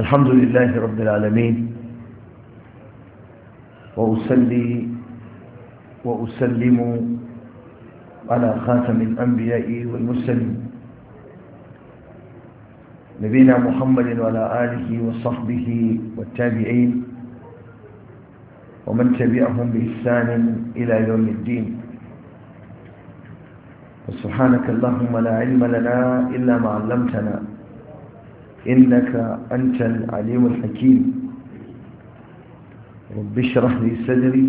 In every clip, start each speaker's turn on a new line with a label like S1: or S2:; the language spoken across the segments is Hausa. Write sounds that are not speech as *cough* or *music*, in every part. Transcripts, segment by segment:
S1: الحمد لله رب العالمين وأسلي وأسلم على خاتم الأنبياء والمسلمين نبينا محمد وعلى آله وصحبه والتابعين ومن تبعهم بإحسان إلى يوم الدين وسبحانك اللهم لا علم لنا إلا ما علمتنا إنك أنت العليم الحكيم رب اشرح لي صدري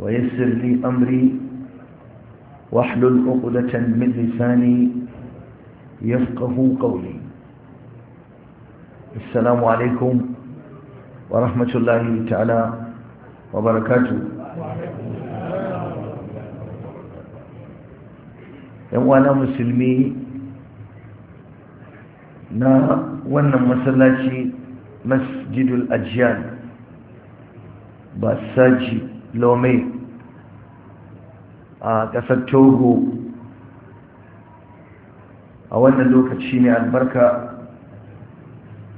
S1: ويسر لي أمري واحلل عقدة من لساني يفقه قولي السلام عليكم ورحمة الله تعالى وبركاته يوانا مسلمي na wannan masallaci masjidul ajiyan ba saji lome a ƙasar togo a wannan lokaci ne albarka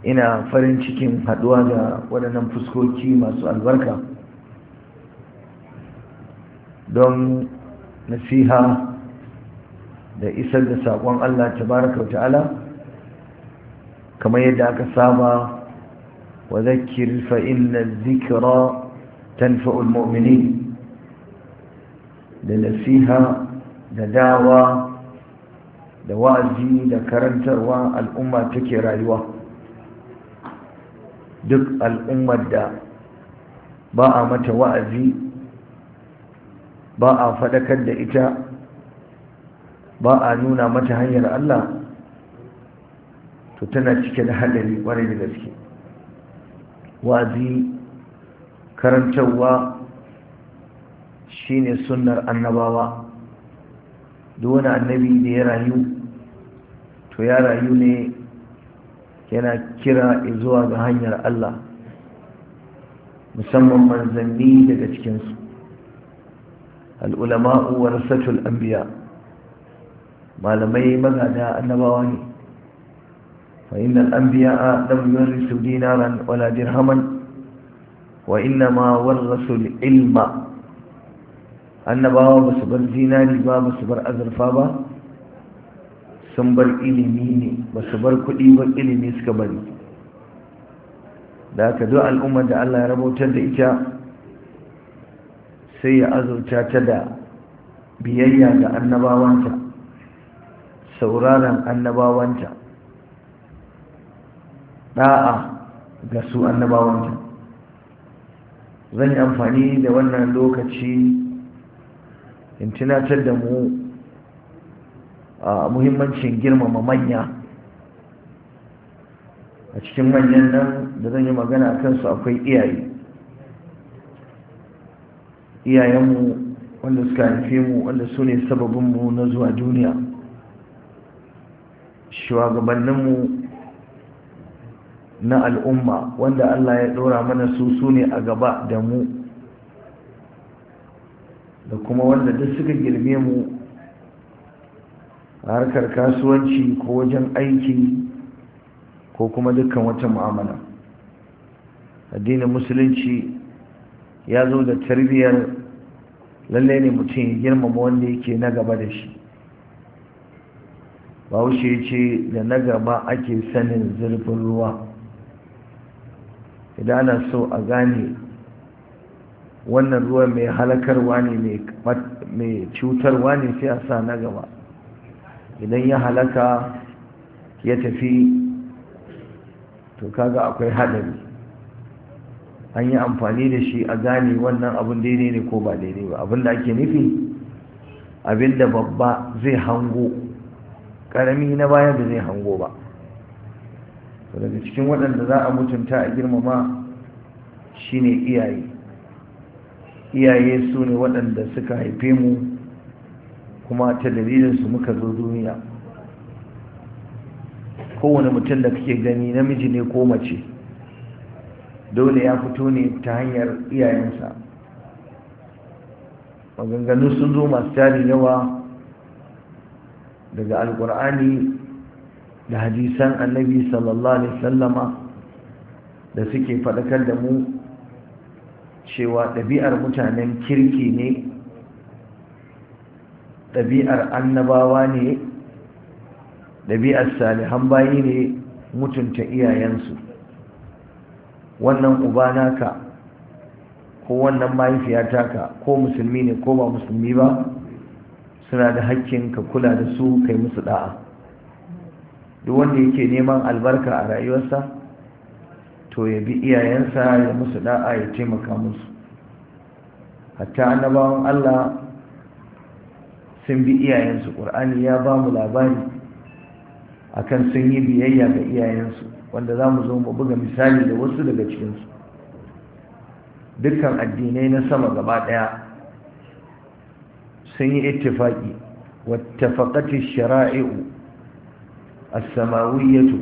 S1: ina farin cikin haduwa da waɗannan fuskoki masu albarka don nasiha da isar da saƙon allah tabaraka wa ta'ala kamar yadda aka saba wa zakir fa inna zikra tanfa'ul mumini da nasiha da dawa da wa'azi da karantarwa al'umma take rayuwa duk al'ummar da ba a mata wa'azi ba a faɗakar da ita ba a nuna mata hanyar Allah to tana cike da haɗari ƙwarai da gaske wazi karantarwa shine sunnar annabawa duk wani annabi da ya rayu to ya rayu ne yana kira zuwa ga hanyar Allah musamman manzanni daga cikinsu al'ulama'u warasatul anbiya malamai magada annabawa ne فإن الأنبياء لم يورثوا دينارا ولا درهما ma ورثوا العلم annabawa ba su bar zinari ba ba su bar azurfa ba sun bar ilimi ne ba su bar kuɗi ba ilimi suka bari da aka al'ummar da allah ya rabautar da ita sai ya azurta ta da biyayya da annabawanta sauraron annabawanta da'a ga su annabawanta zan yi amfani da wannan lokaci in tunatar da mu a muhimmancin girmama manya a cikin manyan nan da zan yi magana a kansu akwai iyaye iyayenmu wanda suka haife mu wanda su ne sababinmu na zuwa duniya shugabanninmu na al'umma wanda Allah ya ɗora mana su su ne a gaba da mu da kuma wanda duk suka girme mu a harkar kasuwanci ko wajen aiki ko kuma dukkan wata mu'amala addinin musulunci ya zo da tarbiyyar lalle ne mutum ya girmama wanda yake na gaba da shi bahaushe ce da na gaba ake sanin zurfin ruwa idan ana so a gane wannan ruwan mai halakarwa ne mai cutarwa ne sai a sa na gaba idan ya halaka ya tafi to kaga akwai hadari an yi amfani da shi a gane wannan abin daidai ne ko ba daidai ba abin da ake nufi abin da babba zai hango ƙarami na baya da zai hango ba daga cikin waɗanda za a mutunta a girmama shine iyaye iyaye su ne waɗanda suka haife mu kuma ta dalilinsu muka zo duniya kowane mutum da kake gani namiji ne ko mace dole ya fito ne ta hanyar iyayensa maganganu sun zo masu tarin yawa daga alkur'ani da hadisan annabi sallallahu alaihi sallama da suke faɗakar da mu cewa ɗabi'ar mutanen kirki ne ɗabi'ar annabawa ne ɗabi'ar salihan bayi ne mutunta iyayensu wannan uba naka ko wannan mahaifiyata ka ko musulmi ne ko ba musulmi ba suna da hakkin ka kula da su kai musu da'a duk wanda yake neman albarka a rayuwarsa to ya bi iyayensa ya musu da'a ya taimaka musu hatta annabawan Allah sun bi iyayensu ƙur'ani ya ba mu labari akan sun yi biyayya ga iyayensu wanda za mu zo mu buga misali da wasu daga cikinsu dukkan addinai na sama gaba ɗaya sun yi ittifaki wattafaqati shara'i'u as-samawiyatu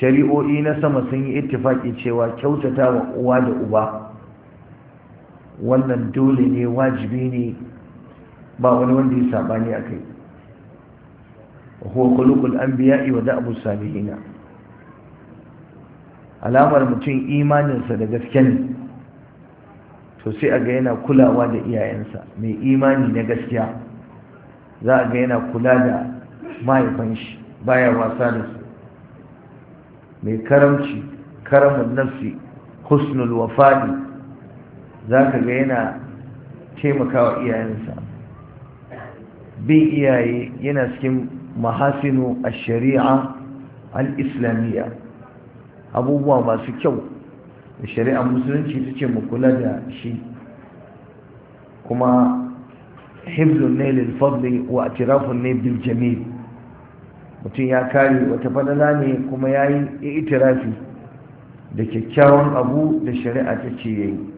S1: shari'o'i na sama sun yi ittifaki cewa kyautata wa uwa da uba wannan dole ne wajibi ne ba wani wanda ya sabani akai huwa khuluqul anbiya'i wa da'bus salihin alamar mutum imaninsa da gaske ne to sai a ga yana kulawa da iyayensa mai imani na gaskiya za a ga yana kula da mahaifan shi baya wasa da su mai karamci karamin nafsi husnul wafadi za ka ga yana taimakawa iyayensa bin iyaye yana cikin mahasinu a shari'a al-islamiyya abubuwa masu kyau da shari'ar musulunci su ce mu kula da shi kuma hibzun ne lil fadli wa atirafun ne bil mutum ya kare wata fadala ne kuma ya yi itirafi da kyakkyawan abu da shari'a ta ce ya yi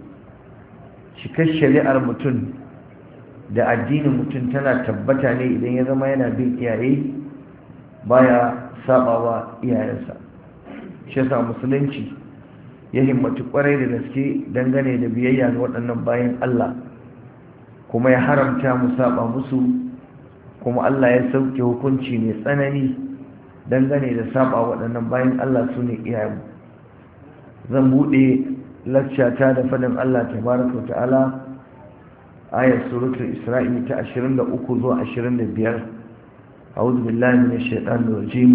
S1: cikar shari'ar mutum da addinin mutum tana tabbata ne idan ya zama yana bin iyaye baya sabawa iyayensa shi yasa musulunci ya himmatu kwarai da gaske dangane da biyayya ga waɗannan bayan Allah kuma ya haramta mu saba musu kuma Allah ya sauke hukunci mai tsanani dangane da saba waɗannan bayan Allah su ne iyayen zan buɗe lakcata da faɗin Allah tabaraka ta'ala ayar suratul isra'i ta 23 zuwa 25 a'udhu billahi minash shaitanir rajim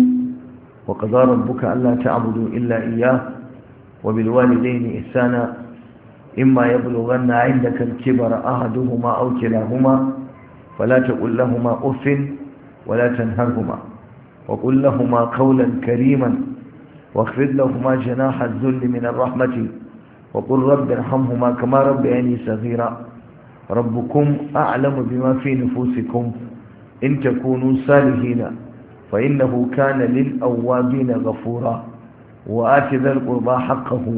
S1: wa qadara rabbuka alla ta'budu illa iyyah wa bil walidayni ihsana imma bara? 'indaka al-kibara ahaduhuma aw kilahuma فلا تقل لهما أف ولا تنهرهما وقل لهما قولا كريما واخفض لهما جناح الذل من الرحمة وقل رب ارحمهما كما ربياني صغيرا ربكم أعلم بما في نفوسكم إن تكونوا صالحين فإنه كان للأوابين غفورا وآت ذا القربى حقه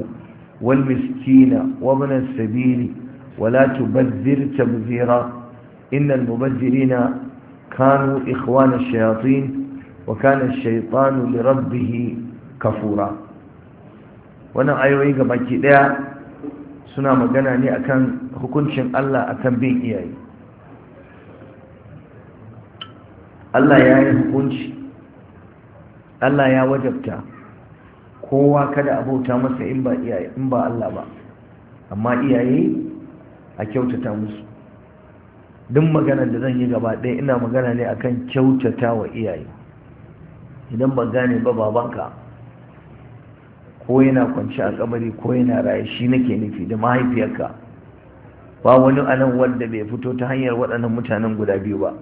S1: والمسكين وابن السبيل ولا تبذر تبذيرا إن المبذرين كانوا إخوان الشياطين وكان الشيطان لربه كفورا wannan ayoyi baki daya suna magana ne akan hukuncin Allah akan bin iyaye Allah ya yi hukunci Allah ya wajabta kowa kada abota masa in ba iyaye in ba Allah ba amma iyaye a kyautata musu duk magana da zan yi gaba ɗaya ina magana ne akan kyautata wa iyaye idan ba gane ba babanka ko yana kwanci a kabari ko yana raye shi nake nufi da mahaifiyarka ba wani anan wanda bai fito ta hanyar waɗannan mutanen guda biyu ba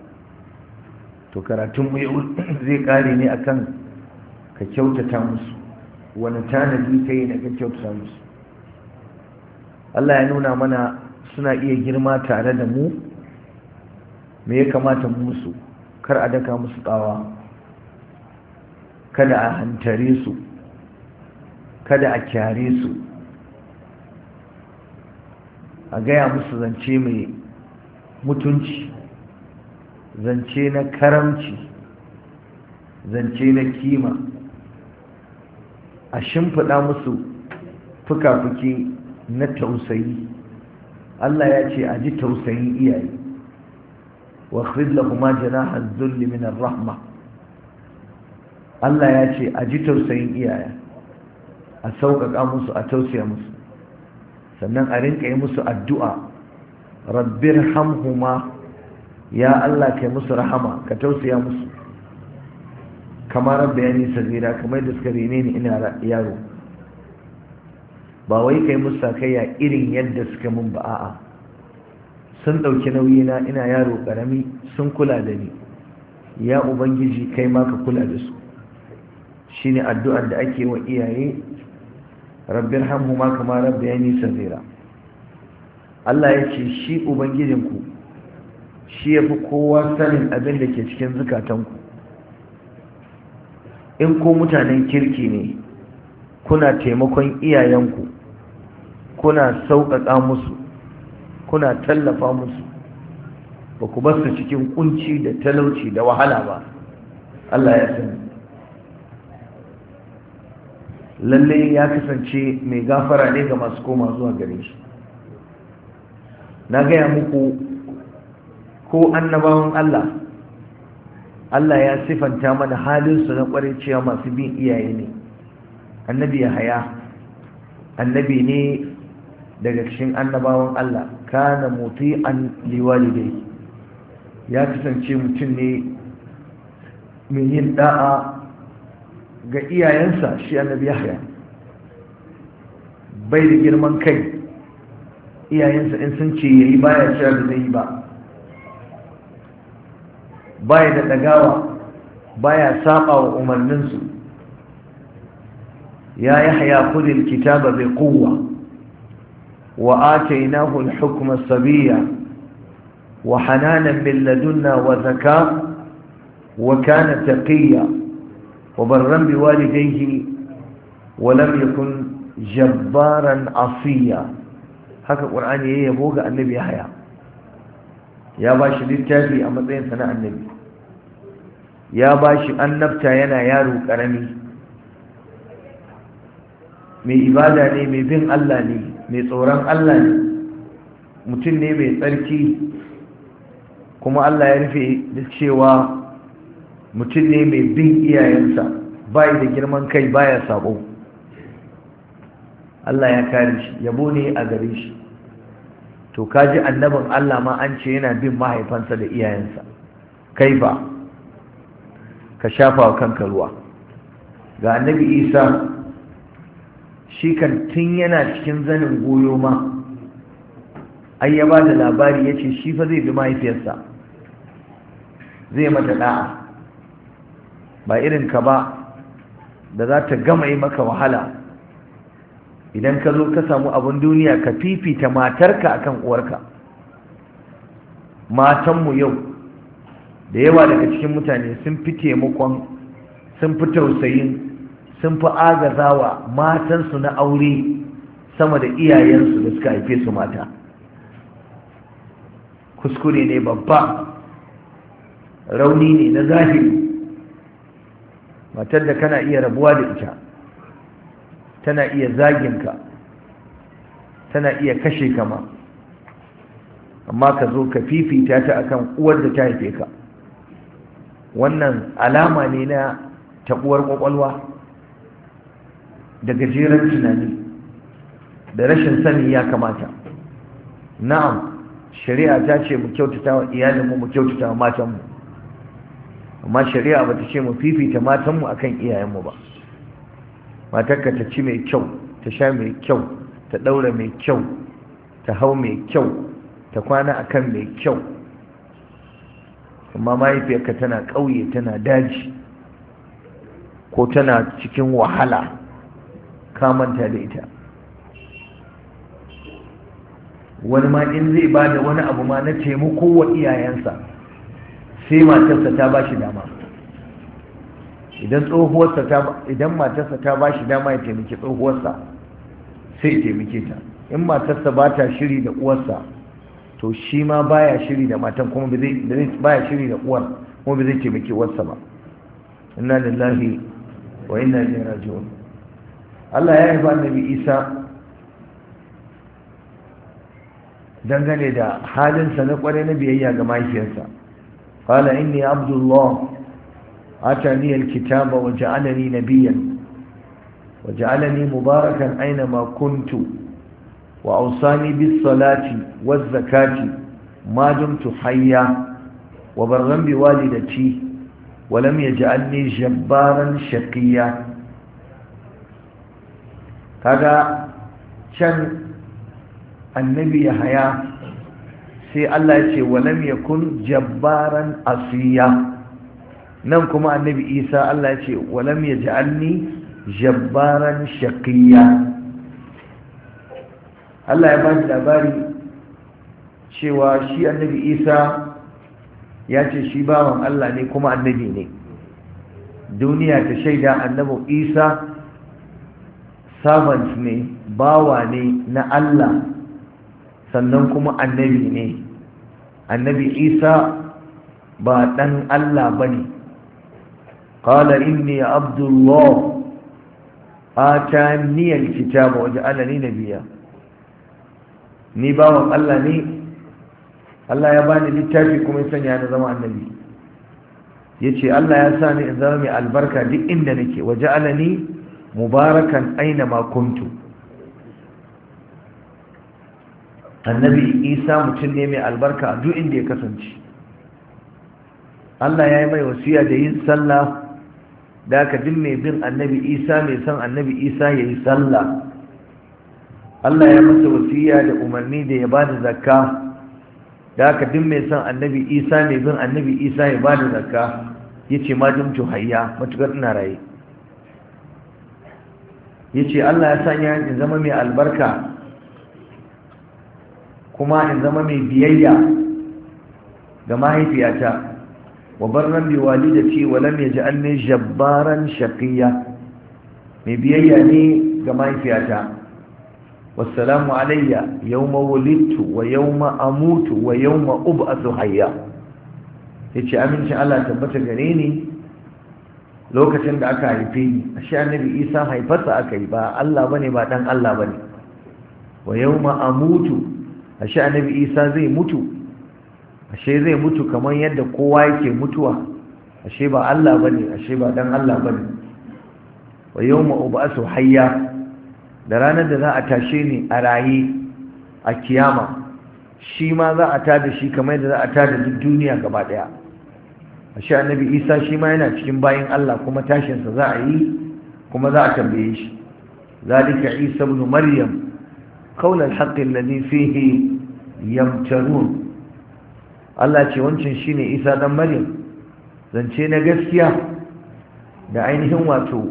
S1: to mu yau *clears throat* zai ƙare ne akan ka kyautata musu wani tanadi ka yi na ka kyautata musu Allah ya nuna mana suna iya girma tare da mu me ya kamata musu kar a daka musu tsawa kada a hantare su kada a kyare su a gaya musu zance mai mutunci zance na karamci zance na kima a shimfiɗa musu fuka-fuki na tausayi Allah ya ce a ji tausayin iyaye واخفض لهما جناح الذل من الرحمة Allah ya ce a ji tausayin iyaye a sauƙaƙa musu a musu sannan a rinka yi musu addu'a rabbir hamhuma ya Allah kai musu rahama ka tausaya musu kamar rabbi ya nisa zira kamar da suka rene ni ina yaro ba wai kai musu sakayya irin yadda suka mun ba a'a sun ɗauki nauyina ina yaro ƙarami sun kula da ni ya ubangiji kai ma kula da su Shi ne addu'ar da ake wa iyaye hamhu ma kama nisa zera. Allah ya ce shi ubangijinku shi ya fi kowa sanin abin da ke cikin zukatanku in ko mutanen kirki ne kuna taimakon iyayenku kuna sauƙaƙa musu kuna tallafa musu ba ku basu cikin kunci da talauci da wahala ba Allah ya sani lalle ya kasance mai gafara ne ga masu koma zuwa gare shi na gaya muku ko annabawan Allah Allah ya sifanta mana halinsu na ƙwarin cewa masu bin iyaye ne annabi ya haya annabi ne daga cikin annabawan Allah kana liwali dai ya kasance mutum ne mai yin da'a ga iyayensa shi annabi yahya bai da girman kai iyayensa in sun ce yayi baya cewa da zai yi ba baya da dagawa baya saba wa umarninsu ya yahya kudin kitaba bai kowa وآتيناه الحكم صبيا وحنانا من لدنا وذكاء وكان تقيا وبرا بوالديه ولم يكن جبارا عصيا haka ƙur'ani ya yabo ga annabi haya ya ba littafi a matsayinsa na annabi ya bashi shi annabta yana yaro ƙarami mai ibada ne mai bin allah ne mai tsoron Allah ne mutum ne mai tsarki kuma Allah ya rufe da cewa mutum ne mai bin iyayensa bai da girman kai baya sabo Allah ya kare shi yabo ne a gare shi to ka ji annabin Allah ma an ce yana bin mahaifansa da iyayensa Kai ba, ka shafa wa kanka ruwa ga annabi Isa shi kan tun yana cikin zanin goyo ma ai ya ba da labari ya ce shi fa zai bi mahaifiyarsa zai mata da'a ba irin ka ba da za ta gama yi maka wahala idan ka zo ka samu abin duniya ka fifita matarka akan uwarka matanmu yau da yawa daga cikin mutane sun fi taimakon sun fi tausayin sun fi agazawa matansu na aure sama da iyayensu da suka haife su mata kuskure ne babba rauni ne na zahiri matar da kana iya rabuwa da ita tana iya zaginka tana iya kashe kama amma ka zo ka fifita ta akan uwar da ta haife ka wannan alama ne na taɓuwar Ƙwaƙwalwa? da gajeren tunani da rashin sani ya kamata na'am shari'a ta ce mu kyautata wa iyalinmu mu kyautata wa matanmu amma shari'a ba ta ce mu fifita matanmu a kan iyayenmu ba matarka ta ci mai kyau ta sha mai kyau ta ɗaura mai kyau ta hau mai kyau ta kwana a kan mai kyau amma mahaifiyarka tana ƙauye tana daji ko tana cikin wahala ka manta da ita wani ma in zai ba da wani abu ma na taimako wa iyayensa sai matarsa ta ba shi dama idan tsohuwarsa ta idan matarsa ta ba shi dama ya taimaki tsohuwarsa sai ya taimake ta in matarsa ba ta shiri da uwarsa to shi ma baya shiri da matan kuma baya shiri da uwar kuma ba zai taimaki uwarsa ba inna lillahi wa inna ilaihi raji'un Allah ya yi annabi Isa dangane da halinsa na kware na biyayya ga mahaifiyarsa qala inni abdullah atani alkitaba wa ja'alani nabiyyan wa ja'alani mubarakan aina ma kuntu wa awsani bis salati waz zakati ma dumtu hayya wa barran bi walidati wa lam yaj'alni jabbaran shaqiyya kaga can annabi ya haya sai Allah ya ce walam yakun jabbaran asiya nan kuma annabi isa Allah ya ce walam yaj'alni jabbaran shaqiya Allah ya bani labari cewa shi annabi isa ya ce shi bawan Allah ne kuma annabi ne duniya ta shaida annabin isa servant ne bawa ne na Allah sannan kuma annabi ne annabi isa ba ɗan Allah ba ne ƙala inni abdullah a ta niyan kita ba waje alani na biya ni bawan Allah ne Allah ya bani littafi kuma ya sanya na zama annabi ya ce Allah ya sa ni in zama mai albarka duk inda nake waje ni mubarakan aina ma kuntu annabi isa mutum ne mai albarka a duk inda ya kasance Allah ya yi mai wasiya da yin sallah da aka jin mai bin annabi isa mai san annabi isa ya yi sallah Allah ya masa wasiya da umarni da ya ba da zakka da aka jin mai san annabi isa mai bin annabi isa ya ba da zakka ya ce ma dumtu hayya matukar ina raye yace Allah ya sanya in zama mai albarka kuma in zama mai biyayya ga mahaifiyata wa barran bi walidati wa lam ne jabbaran shaqiya mai biyayya ne ga mahaifiyata wassalamu alayya yawma wulidtu wa yawma amutu wa Ub a hayya yace amincin Allah tabbata gare ne. lokacin da aka haife ni ashe annabi isa haifarsa aka yi ba Allah ba ne, ba dan Allah ba ne. wa yau yawma a ashe annabi isa zai mutu ashe zai mutu kamar yadda kowa yake mutuwa ashe ba Allah ba ne. ashe ba dan Allah ba ne. wa yawma ub'asu hayya da ranar da za a tashe ni a raye a kiyama shi ma za a tada shi kamar yadda za a tada duk duniya gaba ɗaya. ashe annabi isa shi ma yana cikin bayin Allah kuma tashinsa za a yi kuma za a tambaye shi zalika isa ibn maryam qawl al-haqq alladhi fihi yamtarun Allah ce wancan shine isa dan maryam zance na gaskiya da ainihin wato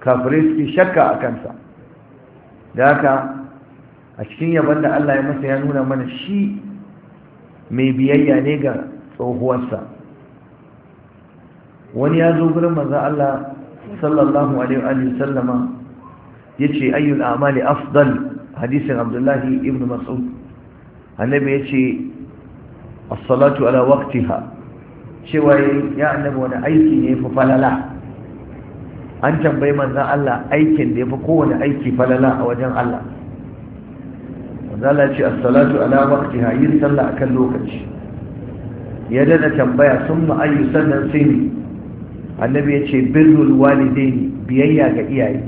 S1: kafirai suke shakka a kansa da haka a cikin yabon da Allah ya masa ya nuna mana shi mai biyayya ne ga tsohuwarsa wani ya zo gurin manzo Allah sallallahu alaihi wa sallama yace ayyul a'mali afdal hadisin Abdullahi ibn Mas'ud annabi yace as-salatu ala waqtiha cewa ya annabi wani aiki ne fa falala an tambayi manzo Allah aikin da yafi kowane aiki falala a wajen Allah manzo Allah yace as-salatu ala waqtiha yin sallah akan lokaci ya dana tambaya sun ma ayyu sannan sai ne annabi ya ce birrul walidaini biyayya ga iyaye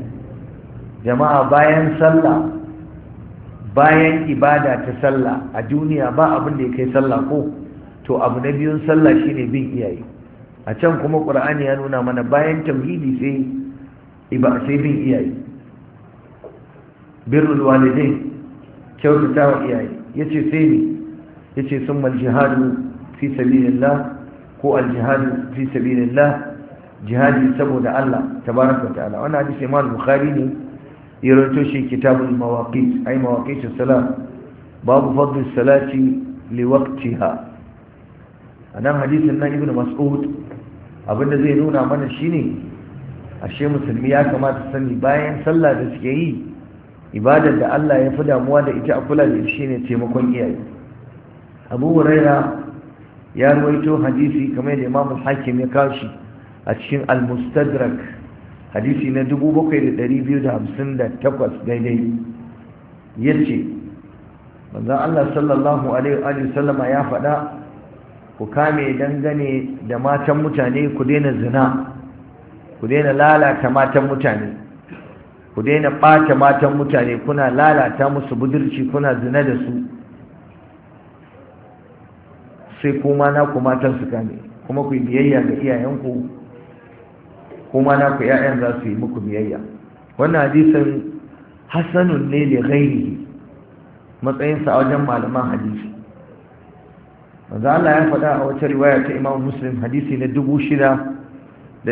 S1: jama'a bayan sallah bayan ibada ta sallah a duniya ba abin da ya kai sallah ko to abu na biyun sallah shine bin iyaye a can kuma qur'ani ya nuna mana bayan tauhidi sai iba sai bin iyaye birrul walidain kyautata wa iyaye yace sai ne yace summa jihadu fi sabilillah ko al-jihadu fi sabilillah jihadi saboda Allah tabaraka ta'ala wannan hadisi Imam Bukhari ne ya rawaito shi kitabul mawaqit ay mawaqit as-salat babu fadl as-salati li waqtiha anan hadisin nan ibnu Mas'ud abinda zai nuna mana shine ashe musulmi ya kamata sani bayan sallah da suke yi ibadar da Allah ya fi damuwa da ita a kula da shine taimakon iyaye Abu Huraira ya ruwaito hadisi kamar da Imam Hakim ya kawo shi a cikin al-mustadrak hadisi na 7258 daidai yace manzon Allah sallallahu alaihi wa sallama ya faɗa ku kame dangane da matan mutane ku daina zina ku daina lalata matan mutane ku daina ɓata matan mutane kuna lalata musu budurci kuna zina da su sai kuma na ku matan su kame kuma ku biyayya ga iyayenku kuma na ku ƴaƴan za su yi muku biyayya wannan hadisin hasanun ne li ghairihi matsayin sa wajen malaman hadisi manzo Allah ya faɗa a wata riwaya ta Imam Muslim hadisi na 6675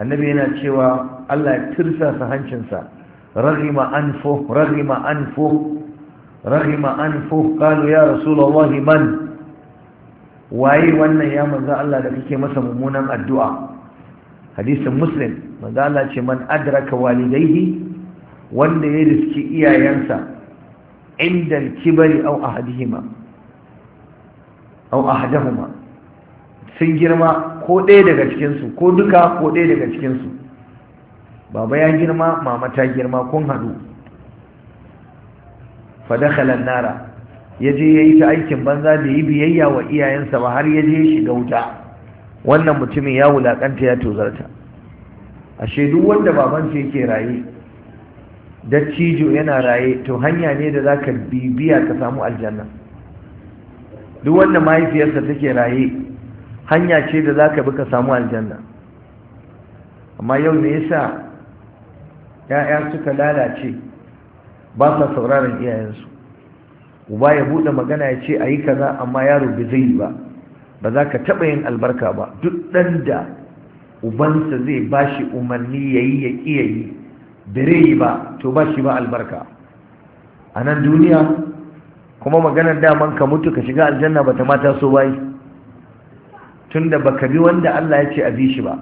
S1: annabi yana cewa Allah ya tirsa sa hancinsa raghima anfu raghima anfu raghima anfu qalu ya rasulullahi man waye wannan ya manzo Allah da kake masa mummunan addu'a hadisin muslim manzo Allah ce man adraka walidayhi wanda ya riski iyayensa inda kibari aw ahadihima aw ahadahuma sun girma ko ɗaya daga cikinsu ko duka ko ɗaya daga cikinsu baba ya girma mama ta girma kun haɗu an nara ya je ya yi ta aikin banza da yi biyayya wa iyayensa ba har ya je ya shiga wuta wannan mutumin ya wulaƙanta ya tozarta ashe duk wanda babansa yake raye dattijo yana raye to hanya ne da za ka bibiya ka samu aljanna duk wanda mahaifiyarsa take raye hanya ce da za ka bi ka samu aljanna amma yau ne yasa ya'ya suka lalace ba sa sauraron iyayensu uba ya buɗe magana ya ce a yi kaza amma yaro bai zai yi ba ba za ka taɓa yin albarka ba duk ɗan da ubansa zai ba shi umarni ya yi ya iya yi yi ba to ba shi ba albarka a nan duniya kuma maganar daman ka mutu ka shiga aljanna ba ta mata so bai tunda baka bi wanda Allah ya ce a bi shi ba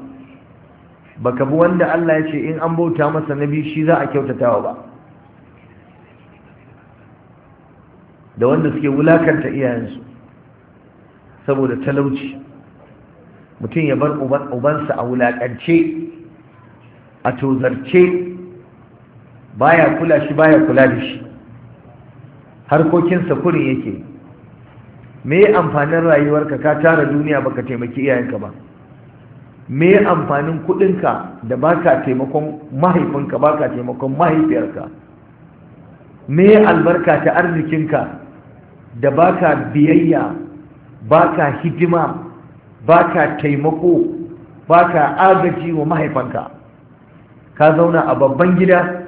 S1: baka bi wanda Allah ya ce in an bauta masa na bi shi za a kyautatawa ba da wanda suke wulakanta iyayensu saboda talauci mutum ya bar ubansa a wulakance a tozarce baya kula shi baya kula da shi harkokinsa kurin yake me amfanin rayuwarka ka tara duniya baka taimaki iyayenka ba me amfanin kudinka da baka taimakon mahaifinka baka taimakon mahaifiyarka me albarka ta arzikinka da baka biyayya baka hidima baka taimako baka agaji wa mahaifanka ka zauna a babban gida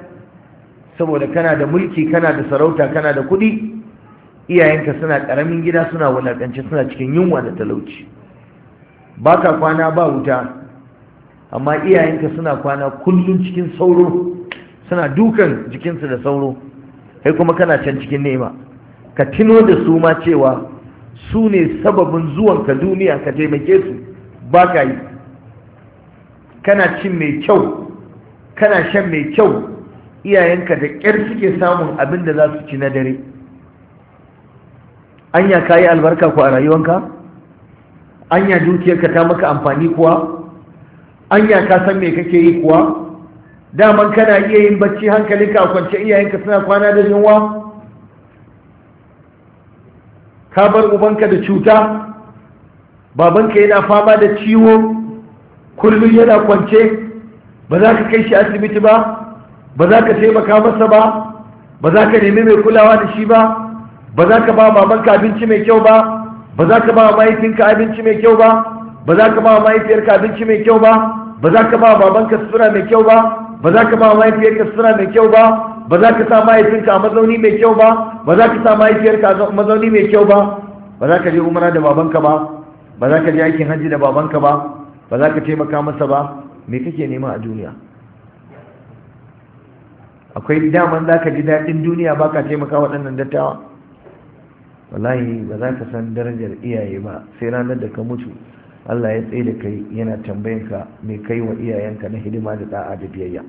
S1: saboda kana da mulki kana da sarauta kana da kuɗi iyayenka suna karamin gida suna wulakanci suna cikin yunwa da talauci baka kwana ba wuta amma iyayenka suna kwana kullum cikin sauro suna dukan jikinsu da sauro kai kuma kana can cikin nema ka tuno da su ma cewa su ne sababin zuwanka duniya ka taimake su ba ka yi kana cin mai kyau kana shan mai kyau iyayenka da ƙyar suke samun abin da za su ci na dare anya ka yi albarka ku a rayuwanka anya dukiyarka ta maka amfani kuwa anya ka san me kake yi kuwa daman kana iya yin bacci hankalinka a kwance iyayenka suna kwana da yunwa ka bar ubanka da cuta babanka yana fama da ciwo kullum yana kwance ba za ka kai shi asibiti ba ba za ka taimaka masa ba ba za ka nemi mai kulawa da shi ba ba za ka ba babanka abinci mai kyau ba ba za ka ba mahaifinka abinci mai kyau ba ba za ka ba mahaifiyarka abinci mai kyau ba ba za ka ba babanka sutura mai kyau ba ba za ka ba mahaifiyarka sutura mai kyau ba ba za ka sa mahaifinka a mazauni mai kyau ba ba za ka sa mahaifiyarka mazauni mai kyau ba ba za ka je umara da babanka ba ba za ka je aikin hajji da babanka ba ba za ka taimaka masa ba me kake nema a duniya akwai daman za ka ji daɗin duniya ba ka taimaka waɗannan dattawa wallahi ba za ka san darajar iyaye ba sai ranar da ka mutu Allah ya tsaye da kai yana tambayanka mai kai wa iyayenka na hidima da da'a da biyayya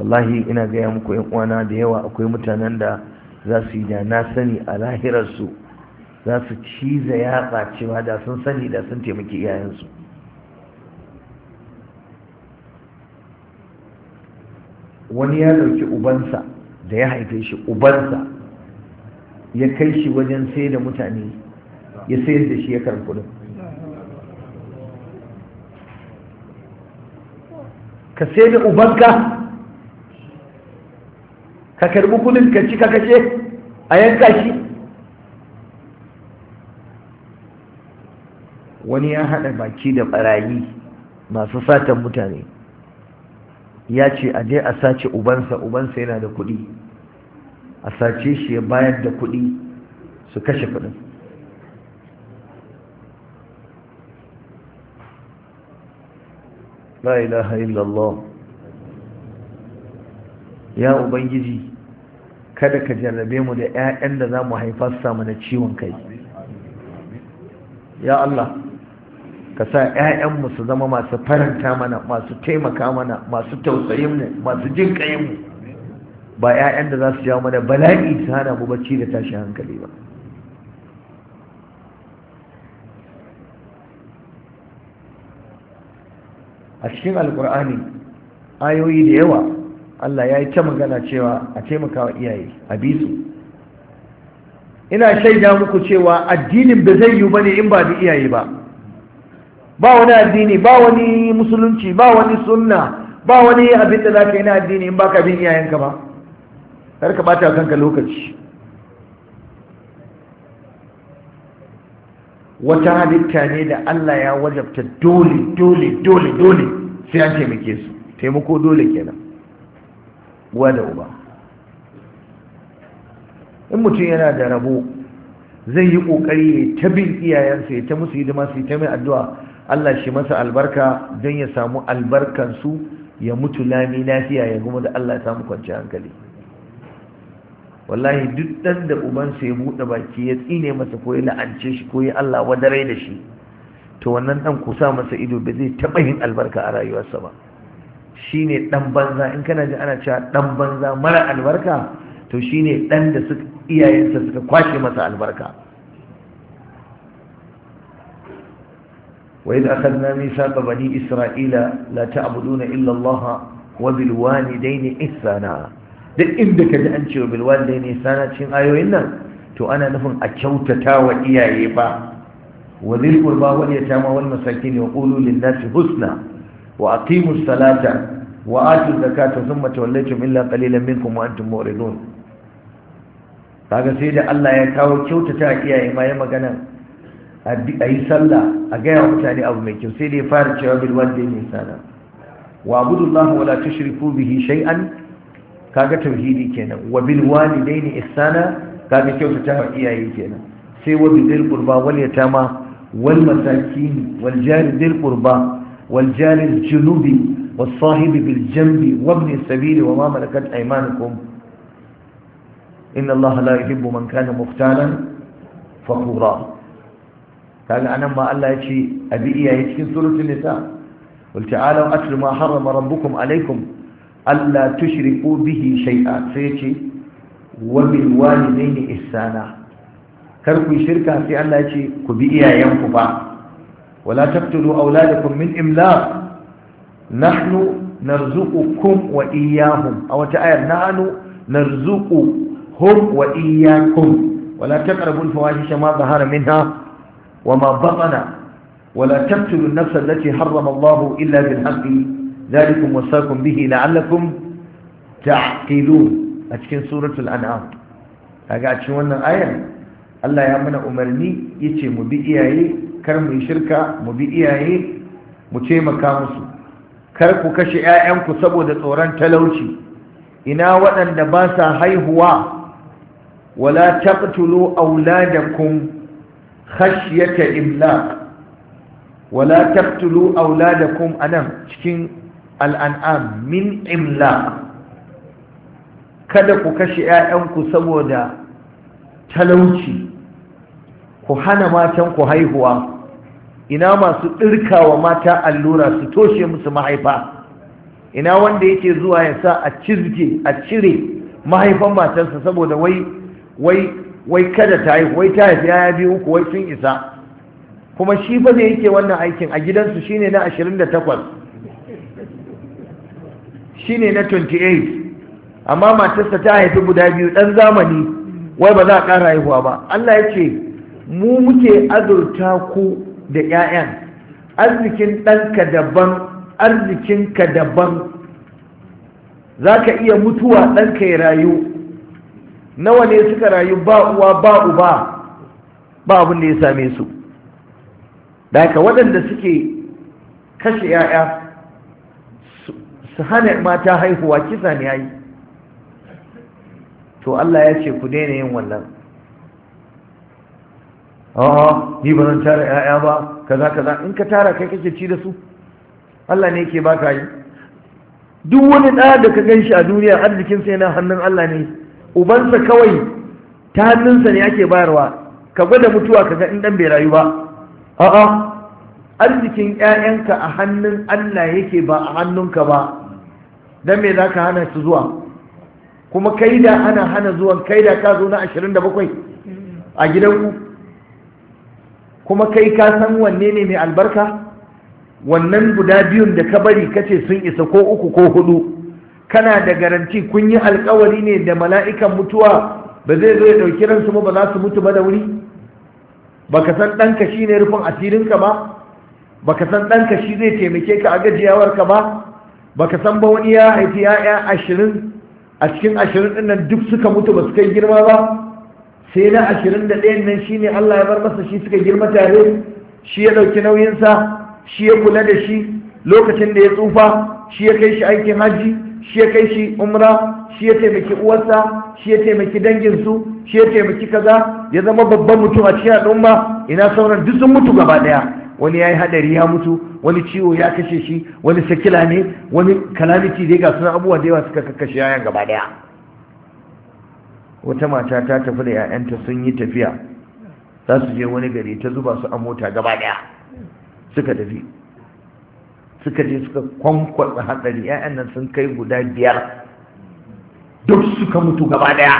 S1: wallahi ina gaya muku yan uwana da yawa akwai mutanen da za su yi da na sani a lahirarsu za su ciza yatsa cewa da sun sani da sun taimaki iyayensu wani ya ɗauki ubansa da ya haife shi ubansa ya kai shi wajen sai da mutane ya sayar da shi ya karkudin ka sai da ubanka ka karbi kudin ka ci ka kashe a yanka shi wani ya haɗa baki da ɓarayi masu satan mutane ya ce a dai a sace ubansa ubansa yana da kuɗi a sace shi ya bayar da kuɗi su kashe kuɗin la ilaha illallah ya ubangiji kada ka jarrabe mu da 'ya'yan da za mu haifa su samu na ciwon kai ya Allah ka sa 'ya'yanmu su zama masu faranta mana masu taimaka mana masu tausayin mu masu jin mu ba 'ya'yan da za su jawo mana bala'i su hana mu bacci da tashi hankali ba a cikin alkur'ani ayoyi da yawa Allah ya yi ta magana cewa a taimakawa iyaye a bisu ina shaida muku cewa addinin ba zai yi ba ne in ba da iyaye ba ba wani addini ba wani musulunci ba wani sunna ba wani abin da za ka yi na addini in ba ka bin iyayenka ba kar ka bata kanka lokaci wata halitta ne da Allah ya wajabta dole dole dole dole sai an taimake su taimako dole kenan uwa da uba in mutum yana da rabo zai yi ƙoƙari ne ta bin iyayensa ya ta musu hidima su ta mai addu'a Allah shi masa albarka don ya samu albarkansu ya mutu lami lafiya ya kuma da Allah ya samu kwanci hankali wallahi duk ɗan da ubansa ya buɗe baki ya tsine masa ko ya la'ance shi ko ya Allah wadarai da shi to wannan ɗan kusa masa ido ba zai taɓa yin albarka a rayuwarsa ba ne ɗan banza in kana ji ana cewa ɗan banza mara albarka to ne ɗan da suka iyayensa suka kwashe masa albarka Isra'ila أخذنا ميثاق بني إسرائيل لا تعبدون إلا الله وبالوالدين إحسانا duk inda ka ji an cewa bilwalidai ne sana cikin ayoyin nan to ana nufin a kyautata wa iyaye ba wa zil qurba wal yatama wal masakin wa ƙulu lin husna wa aqimus salata wa atuz zakata thumma tawallaytum illa qalilan minkum kaga sai da Allah ya kawo kyautata a iyaye ma ya magana a yi sallah a gaya mutane abu mai kyau sai da ya fara cewa bil wanda ne sana wa abudullahi wala tushriku bihi shay'an kaga tauhidi kenan wa bil walidaini ihsana kaga kyautata wa iyaye kenan sai wa bil qurba wal yatama wal masakin wal jari dhil qurba والجار الجنوب والصاحب بالجنب وابن السبيل وما ملكت أيمانكم إن الله لا يحب من كان مختالا فخورا قال أنا ما الله يشي أبي إياه يشكين ثلث النساء قل تعالوا أتل ما حرم ربكم عليكم ألا تشركوا به شيئا سيشي وبالوالدين إحسانا كركوا شركا في الله يشي كبي إياه ينكبا ولا تقتلوا أولادكم من إملاق نحن نرزقكم وإياهم أو تآية نحن نرزقهم وإياكم ولا تقربوا الفواحش ما ظهر منها وما بطن ولا تقتلوا النفس التي حرم الله إلا بالحق ذلكم وصاكم به لعلكم تعقلون أتكن سورة الأنعام أقعد شو أن آية Allah ya mana umarni yace mu bi iyaye kar mu yi shirka mu bi iyaye mu taimaka musu kar ku kashe 'ya'yanku saboda tsoron talauci ina waɗanda ba sa haihuwa wala taqtulu auladakum khashyata imlaq wala taqtulu auladakum anan cikin al'an'am min imlaq kada ku kashe 'ya'yanku saboda talauci ku hana matan ku haihuwa ina masu ɗirkawa mata allura su toshe musu mahaifa ina wanda yake zuwa ya sa a cizge a cire mahaifan matarsa saboda wai wai wai kada ta haihu wai ta haifi ya biyu uku wai sun isa kuma shi ba zai yake wannan aikin a gidansu shine na 28 shine na 28 amma matarsa ta haifi guda biyu ɗan zamani wai ba za a ƙara haihuwa ba Allah ya ce mu muke azurta ku da 'ya'yan arzikin ɗanka daban arzikinka daban za ka iya mutuwa ɗanka ya rayu nawa ne suka rayu ba uwa ba uba ba abin da ya same su da haka waɗanda suke kashe 'ya'ya su hana mata haihuwa kisa ne yi. to Allah ya ce ku daina yin wannan
S2: a'a
S1: ni ba zan tara ƴaƴa ba kaza kaza in ka tara kai kake ci da su Allah ne yake baka yi duk wani ɗa da ka gan shi a duniya arzikin sai yana hannun Allah ne ubansa kawai ta hannunsa ne ake bayarwa ka gwada mutuwa ka ga in dan bai rayu ba a'a arzikin 'ya'yanka a hannun Allah yake ba a hannunka ba dan me za ka hana su zuwa kuma kai da ana hana zuwan kai da ka zo na 27 a gidanku kuma kai ka san wanne ne mai albarka wannan guda biyun da ka bari kace sun isa ko uku ko hudu kana da garanti kun yi alkawari ne da mala'ikan mutuwa ba zai zo ya ɗauki ransu ba za su mutu ba da wuri ba ka san ɗanka shi ne rufin asirinka ba ba ka san ɗanka shi zai taimake ka a gajiyawarka ba ba ka san ba wani ya haifi ya'ya ashirin a cikin ashirin ɗinnan nan duk suka mutu ba su kai girma ba sai na ashirin da ɗayan nan shine Allah ya bar masa shi suka girma tare shi ya ɗauki nauyinsa shi ya kula da shi lokacin da ya tsufa shi ya kai shi aikin hajji shi ya kai shi umra shi ya taimaki uwarsa shi ya taimaki danginsu shi ya taimaki kaza ya zama babban mutum a cikin al'umma ina sauran duk sun mutu gaba ɗaya wani ya yi hadari ya mutu wani ciwo ya kashe shi wani sakila ne wani kalamiti dai ga suna abubuwa da yawa suka kakkashe yayan gaba ɗaya wata mata ta tafi da 'ya'yanta sun yi tafiya za su je wani gari ta zuba su a mota gaba daya suka tafi suka je suka kwankwasa hatsari 'ya'yan nan sun kai guda biyar duk suka mutu gaba daya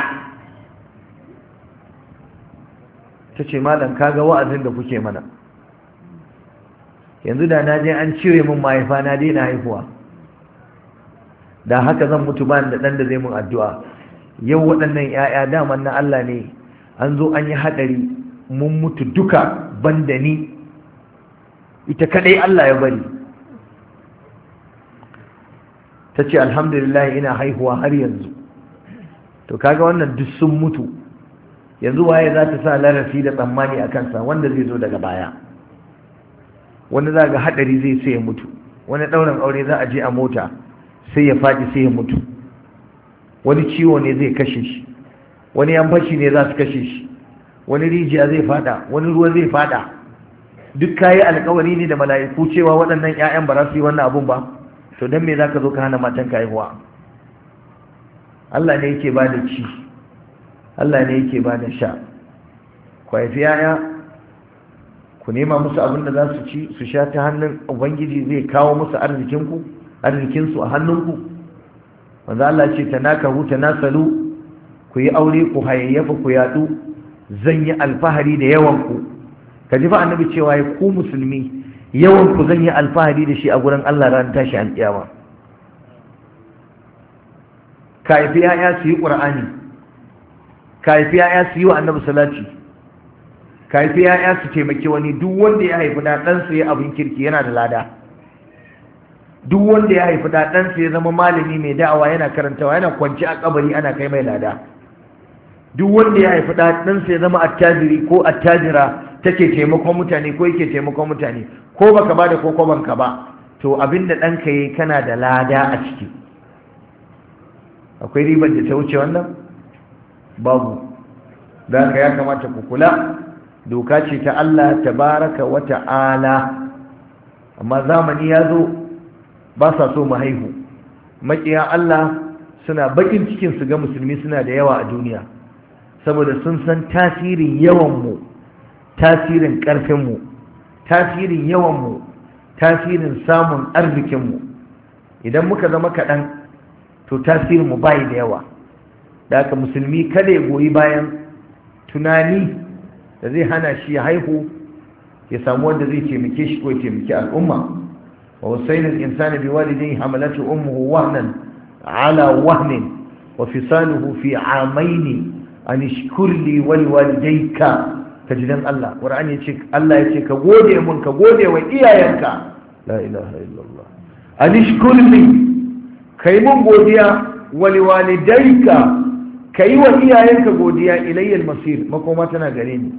S1: ta ce malam kaga wa'azin da kuke mana yanzu da na je an cire min mahaifa na daina haihuwa da haka zan mutu ba da ɗan da zai mun addu'a yau waɗannan 'ya'ya daman na Allah ne an zo an yi haɗari mun mutu duka banda ni ita kaɗai Allah ya bari ta ce alhamdulillah ina haihuwa har yanzu to kaga wannan duk sun mutu yanzu waye za ta sa larafi da tsammani a kansa wanda zai zo daga baya wanda za ga haɗari zai sai ya mutu wani ɗaurin aure za a je a mota sai ya faɗi sai ya mutu wani ciwo ne zai kashe shi wani yan fashi ne za su kashe shi wani rijiya zai fada wani ruwa zai fada duk kayi alkawari ne da mala'iku cewa waɗannan 'ya'yan ba za su yi wannan abun ba to don me za ka zo ka hana matan ka haihuwa Allah ne yake ba da ci Allah ne yake ba da sha ku haifi 'ya'ya ku nema musu abin da za su ci su sha ta hannun ubangiji zai kawo musu arzikinku arzikinsu a hannunku wanda Allah ce ta na tanasalu ku yi aure ku hayayyafa ku yadu zan yi alfahari da yawan ku ji fa annabi cewa ya ku musulmi yawan ku zan yi alfahari da shi a gurin Allah ran tashi alƙiyama ka haifi ya'ya su yi ƙur'ani ka haifi ya'ya su yi wa annabi salati ka haifi ya'ya su taimaki wani duk wanda ya haifi na ɗansu ya abin kirki yana da lada duk wanda ya haifi da ɗansa ya zama malami mai da'awa yana karantawa yana kwanci a kabari ana kai mai lada duk wanda ya haifi da ɗansa ya zama attajiri ko attajira take taimakon mutane ko yake taimakon mutane ko baka bada ko banka ba to abinda ɗanka yi kana da lada a ciki akwai ribar da ta wuce wannan babu da haka ya kamata ku kula doka ce ta Allah tabaraka wa ta'ala amma zamani ya zo ba sa so mu haihu makiya Allah suna bakin cikin su ga musulmi suna da yawa a duniya saboda sun san tasirin yawan mu tasirin karfin mu tasirin yawan mu tasirin samun arzikin mu idan muka zama kaɗan to tasirin mu bai da yawa da haka musulmi kada ya goyi bayan tunani da zai hana shi ya haihu ya samu wanda zai taimake shi ko ya taimaki al'umma ووصينا الإنسان بوالديه حملته أمه وهنا على وهن وفصاله في عامين أن اشكر لي ولوالديك تجدن الله قرآن يشك الله يشك غودي منك غودي وإياك لا إله إلا الله أن اشكر لي كي من غوديا ولوالديك كي وإياك غوديا إلي المصير ما قومتنا قريني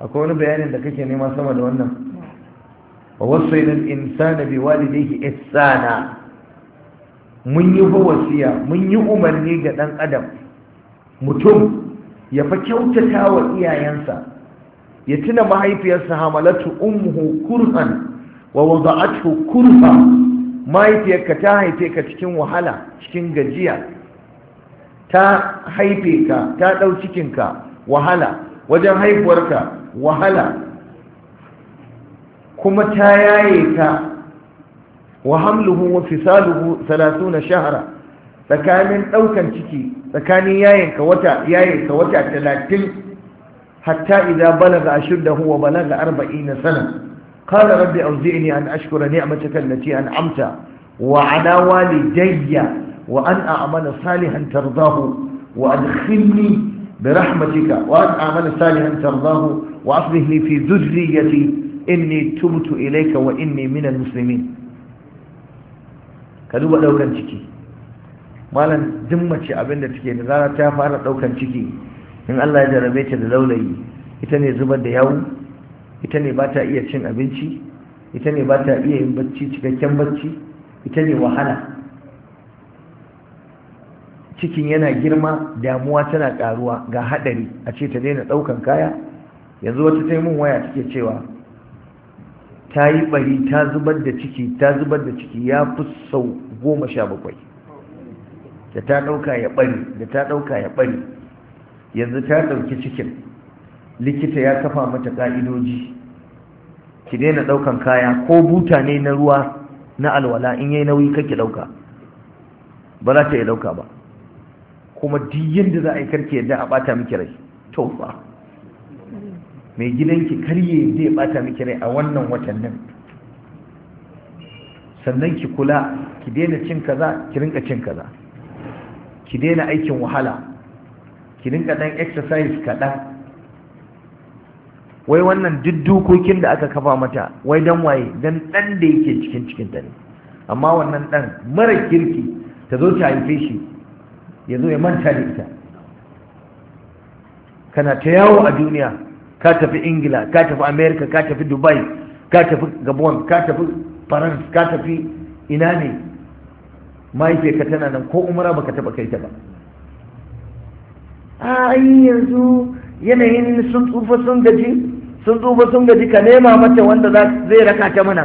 S1: أكون بيان لك كي نما سمد وأنه ووصينا الإنسان بوالديه إحسانا mun yi wasiya mun yi umarni ga ɗan adam mutum ya fa kyautata wa iyayensa ya tuna mahaifiyarsa hamalatu ummuhu kurhan wa wada'atuhu kurha mahaifiyarka ta haife ka cikin wahala cikin gajiya ta haife ka ta ɗau cikinka wahala wajen haifuwarka wahala kuma ta yaye ta wa hamluhu wa fisaluhu 30 shahara, tsakanin daukan ciki tsakanin yayin ka wata yayin ka wata 30 hatta idza balaga ashuddahu wa balaga 40 sana qala rabbi awzi'ni an ashkura ni'mataka allati an'amta wa ala walidayya wa an a'mala salihan tardahu wa adkhilni برحمتك وأن أعمل صالحا ترضاه وأصلح لي في ذريتي inni tubtu ilayka wa inni minal muslimin ka duba daukan ciki malam jimmace abinda take da zara ta fara daukan ciki in Allah ya jarabe ta da laulayi ita ne zubar da yawu ita ne ba ta iya cin abinci ita ne ba ta iya yin bacci cikakken bacci ita ne wahala cikin yana girma damuwa tana karuwa ga hadari a ce ta daina daukan kaya yanzu wata ta yi mun waya take cewa ta yi bari ta zubar da ciki ta zubar da ciki ya fi sau goma sha bakwai da ta ɗauka ya bari da ta ɗauka ya bari yanzu ta ɗauki cikin likita ya kafa mata ƙa'idoji ki daina ɗaukan kaya ko buta ne na ruwa na alwala in yi nauyi kake ɗauka ba za ta iya ɗauka ba kuma duk yadda za a yi karki yadda a ɓata miki rai to fa. mai gidan ki karye zai bata miki rai a wannan watannin sannan ki kula ki daina cin kaza ki rinka cin kaza ki daina aikin wahala ki rinka dan exercise kaɗan wai wannan duk dukokin da aka kafa mata wai dan waye dan dan da yake cikin cikin ta ne amma wannan dan mara kirki ta zo ta haife shi ya zo ya manta da ita kana ta yawo a duniya ka tafi ingila ka tafi america ka tafi dubai ka tafi gabon ka tafi france ka tafi ina ne mahaifiyarka tana nan ko umara baka taba kai ta ba ai yanzu yanayin sun tsufa sun gaji sun tsufa sun gaji ka nema mata wanda zai raka ta mana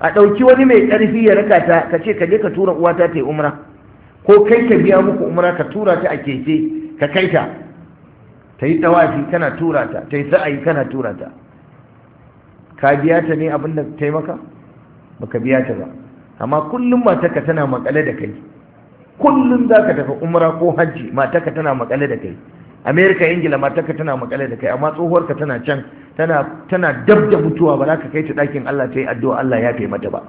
S1: a ɗauki wani mai ƙarfi ya raka ta ka ce ka je ka tura uwata ta yi umara ko kai ka biya muku umara ka tura ta a keke ka kai ta ta yi tawafi kana tura ta ta yi sa'ayi kana tura ta ka biya ta ne abin da ta yi maka ka biya ta ba amma kullum matarka tana makale da kai kullum za ka tafi umra ko hajji matarka tana makale da kai amerika ingila matarka tana makale da kai amma tsohuwarka tana can tana tana dab da mutuwa ba za ka kai ta ɗakin allah ta yi addu'a allah ya kai mata ba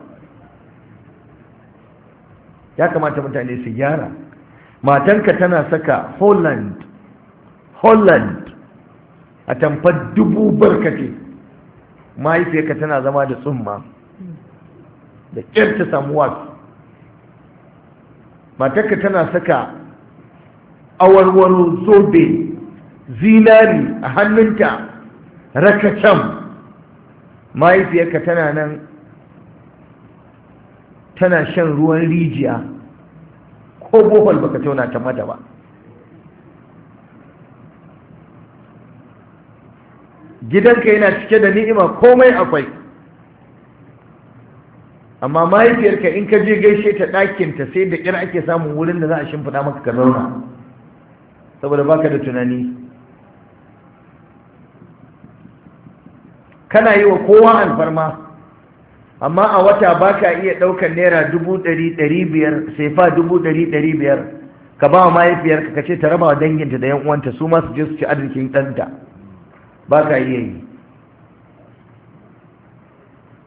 S1: ya kamata mutane su gyara matanka tana saka holland holland a tamfar dubu barkate mahaifiyarka tana zama da tsumma da ƙyar ta samu matarka tana saka awarwaro zobe zinari a hannunta rakacam mahaifiyarka tana nan tana shan ruwan rijiya ko bohol baka tauna ta mata ba gidanka yana cike da ni'ima komai akwai amma mahaifiyarka in ka je gaishe ta ɗakinta sai da ƙyar ake samun wurin da za a shimfiɗa maka ka zauna saboda baka da tunani kana yi wa kowa alfarma amma a wata baka iya ɗaukar naira dubu ɗari ɗari biyar fa dubu ɗari ɗari biyar ka ba wa mahaifiyarka ka ce ta raba wa danginta da yan uwanta su ma su je su ci arzikin ɗanta ba ka iya yi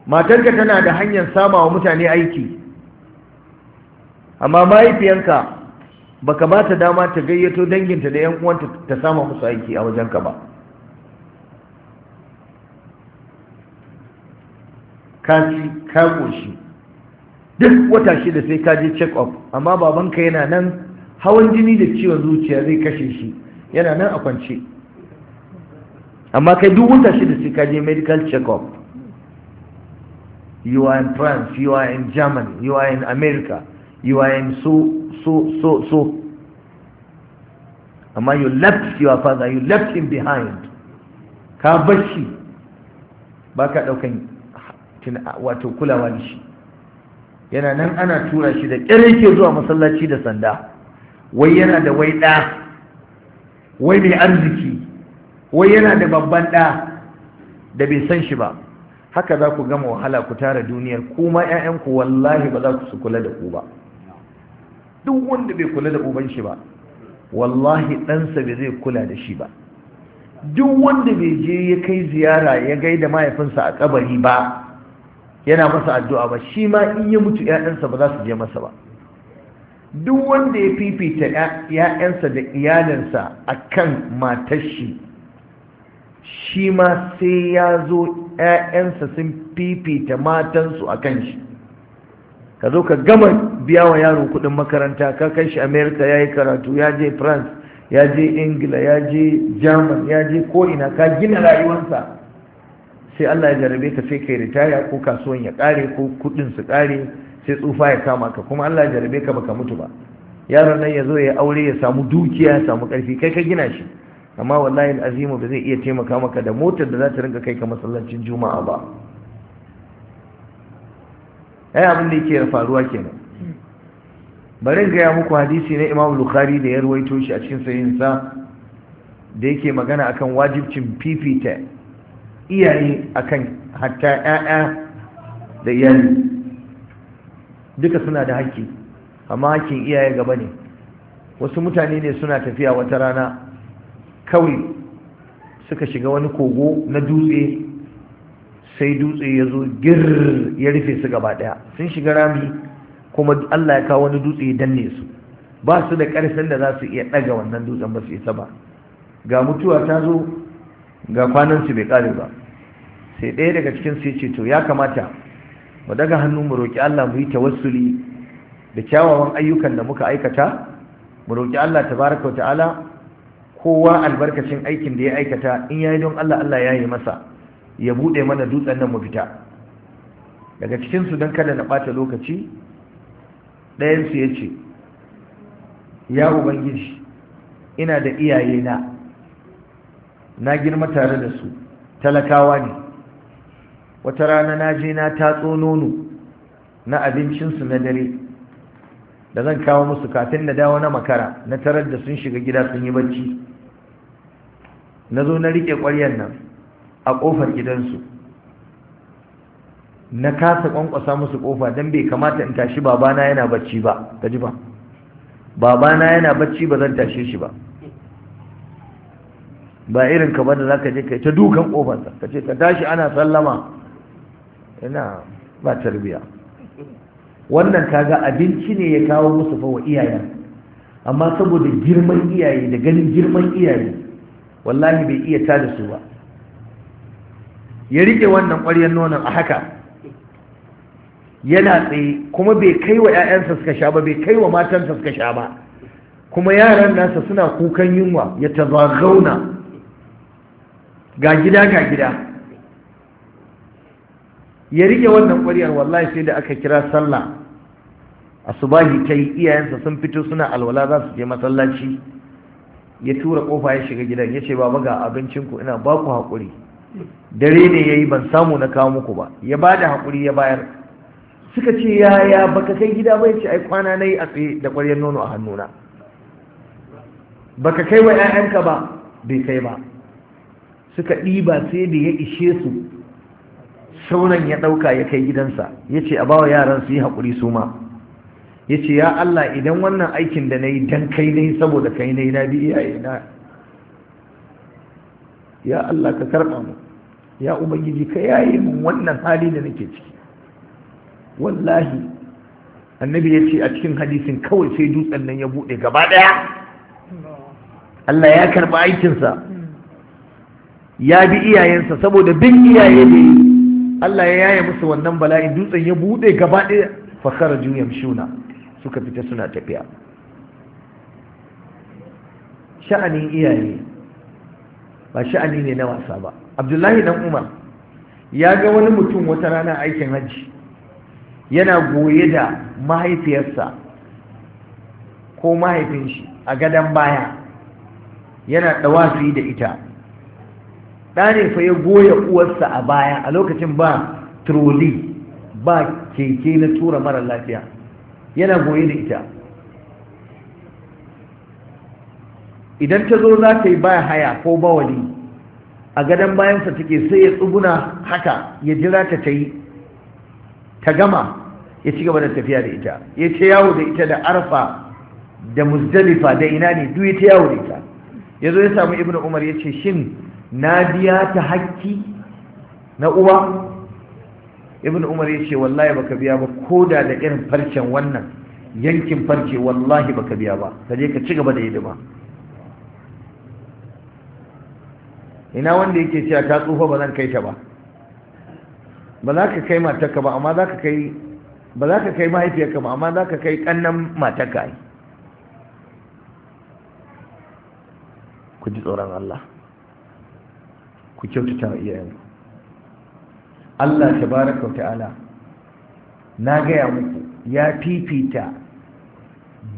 S1: matarka tana da hanyar sama wa mutane aiki amma mahaifiyanka baka ba ta dama ta gayyato danginta da yan uwanta ta sama musu aiki a wajenka ba ka ci ka goshi duk wata shi da sai ka je check up amma babanka yana nan hawan jini da ciwon zuciya zai kashe shi yana nan a kwance amma kai duk wata shi da shi kaje medical check-up you are in france you are in germany you are in america you are in so so so so amma you left your father you left him behind ka bar shi ba ka ɗaukan wato kulawa da shi yana nan ana tura shi da ƙyar yake zuwa masallaci da sanda wai yana da wai ɗa wai mai arziki wai yana da babban ɗa da bai san shi ba haka za ku gama wahala ku tara duniyar kuma 'ya'yanku wallahi ba za ku su kula da ku ba duk wanda bai kula da uban shi ba wallahi ɗansa bai zai kula da shi ba duk wanda bai je ya kai ziyara ya gaida mahaifinsa a kabari ba yana masa addu'a ba shi ma in ya mutu 'ya'yansa ba za su je masa ba duk wanda ya fifita 'ya'yansa da iyalinsa akan matar shi shi ma sai ya zo 'ya'yansa sun fifita matansu a kan shi ka zo ka gama biya wa yaro kudin makaranta ka kai shi amerika ya yi karatu ya je france ya je ingila ya je german ya je ko'ina ka gina rayuwarsa sai allah ya jarabe ka sai kai ritaya ko kasuwan ya kare ko kudin su kare sai tsufa ya kama ka kuma allah ya jarabe ka baka mutu ba yaron nan ya zo ya aure ya samu dukiya ya samu karfi kai ka gina shi amma wallahi azimu ba zai iya taimaka maka da motar da za ta rinka kai ka masallacin juma'a ba ai abin da yake faruwa kenan ga gaya muku hadisi na imam bukhari da ya ruwaito shi a cikin sa da yake magana akan wajibcin fifita iyaye akan hatta 'ya'ya da iyali duka suna da haƙƙi amma hakkin iyaye gaba ne wasu mutane ne suna tafiya wata rana kawai suka shiga wani kogo na dutse sai dutse ya zo gir ya rufe su gaba daya sun shiga rami kuma Allah ya kawo wani dutse ya danne su ba su da karfin da za su iya ɗaga wannan dutsen ba su isa ba ga mutuwa ta zo ga kwanan su bai kare ba sai ɗaya daga cikin su ya ce to ya kamata mu daga hannu mu roƙi Allah mu yi tawassuli da kyawawan ayyukan da muka aikata mu roƙi Allah tabaraka wa ta'ala kowa albarkacin aikin da ya aikata in yayi don Allah Allah ya yi masa ya bude mana dutsen nan mu fita daga cikin su dan kada na bata lokaci ɗayan su yace ya ubangiji ina da iyaye na na girma tare da su talakawa ne wata rana na je na tatso nono na abincin su na dare da zan kawo musu kafin na dawo na makara na tarar da sun shiga gida sun yi bacci na zo na riƙe ƙwaryan nan a ƙofar gidansu na kasa ƙwanƙwasa musu ƙofa don bai kamata in tashi babana yana bacci ba ta ji ba babana yana bacci ba zan tashe shi ba ba irin ka ba da za ka je ka yi. ta dukan ƙofarsa ka ce ka tashi ana sallama ina ba tarbiya wannan kaga abinci ne ya kawo musu fa wa iyayen amma saboda girman iyaye da ganin girman iyaye wallahi bai iya tada su ba ya rike wannan ƙwaryar nonon a haka yana tsaye kuma bai kai wa 'ya'yansa suka sha ba bai kai wa matansa suka sha ba kuma yaran nasa suna kukan yunwa ya zauna. ga gida ga gida ya rike wannan ƙwariyar wallahi sai da aka kira sallah a asubahi ta yi iyayensa sun fito suna alwala za su je masallaci ya tura kofa ya shiga gidan ya ce baba ga abincinku ina ba ku haƙuri dare ne ya yi ban samu na kawo muku ba ya ba da haƙuri ya bayar suka ce yaya baka kai gida ba ya ce ai kwana na yi a tsaye da ƙwaryar nono a hannuna baka kai wa 'ya'yanka ba bai kai ba suka ɗiba sai da ya ishe su sauran ya ɗauka ya kai gidansa ya ce a bawa yaran su yi haƙuri su ma ya ce ya Allah idan wannan aikin da na yi don kai ne saboda kai ne na bi iyaye na ya Allah ka karɓa mu ya ubangiji ka yayi mun wannan hali da nake ciki wallahi annabi ya ce a cikin hadisin kawai sai dutsen nan ya buɗe gaba ɗaya Allah ya karɓi aikinsa ya bi iyayensa saboda bin iyaye ne Allah ya yaye musu wannan bala'in dutsen ya bude gaba ɗaya fakara juyam shuna suka fita suna tafiya sha'anin iyaye ba sha'ani ne na wasa ba abdullahi dan umar ya ga wani mutum wata rana aikin hajji yana goye da mahaifiyarsa ko mahaifin shi a gadan baya yana ɗawafi da ita ɗa ne fa ya goya uwarsa a baya a lokacin ba troli ba keke na tura mara lafiya yana goye da ita idan ta zo za ta yi baya haya ko ba bawali a gadon bayansa take sai ya tsuguna haka ya jira ta ta yi ta gama ya ci gaba da tafiya da ita ya ce yawo da ita da arfa da muzdalifa da ina ne duk ya ce yawo da ita ya zo ya samu ibnu umar ya ce shin na biya ta hakki na uwa ibn umar ya ce wallahi baka biya ba ko da da irin farcen wannan yankin farce wallahi baka biya ba ka je ka ci gaba da hidima ina wanda yake cewa ta tsufa ba zan kai ta ba ba za ka kai matarka ba amma za ka kai ba za ka kai mahaifiyarka ba amma za ka kai kannan matarka ku ji tsoron Allah ku kyautata wa iyayenku Allah tabaraka wa ta'ala na gaya muku ya fifita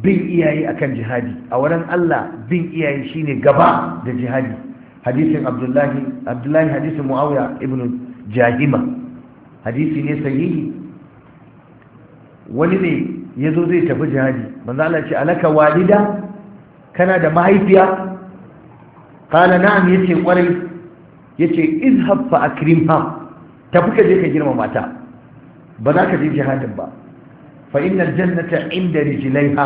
S1: bin iyaye akan jihadi a wurin Allah bin iyaye shine gaba da jihadi hadisin Abdullahi Abdullahi hadisin Muawiya ibn Jahima hadisi ne sahihi wani ne ya zo zai tafi jihadi manzo Allah ce alaka walida kana da mahaifiya kana na'am yace kwarai yace izhab fa akrimha tafi ka je ka girmamata. mata ba za ka je jihadin ba fa ina jannata inda rijlaiha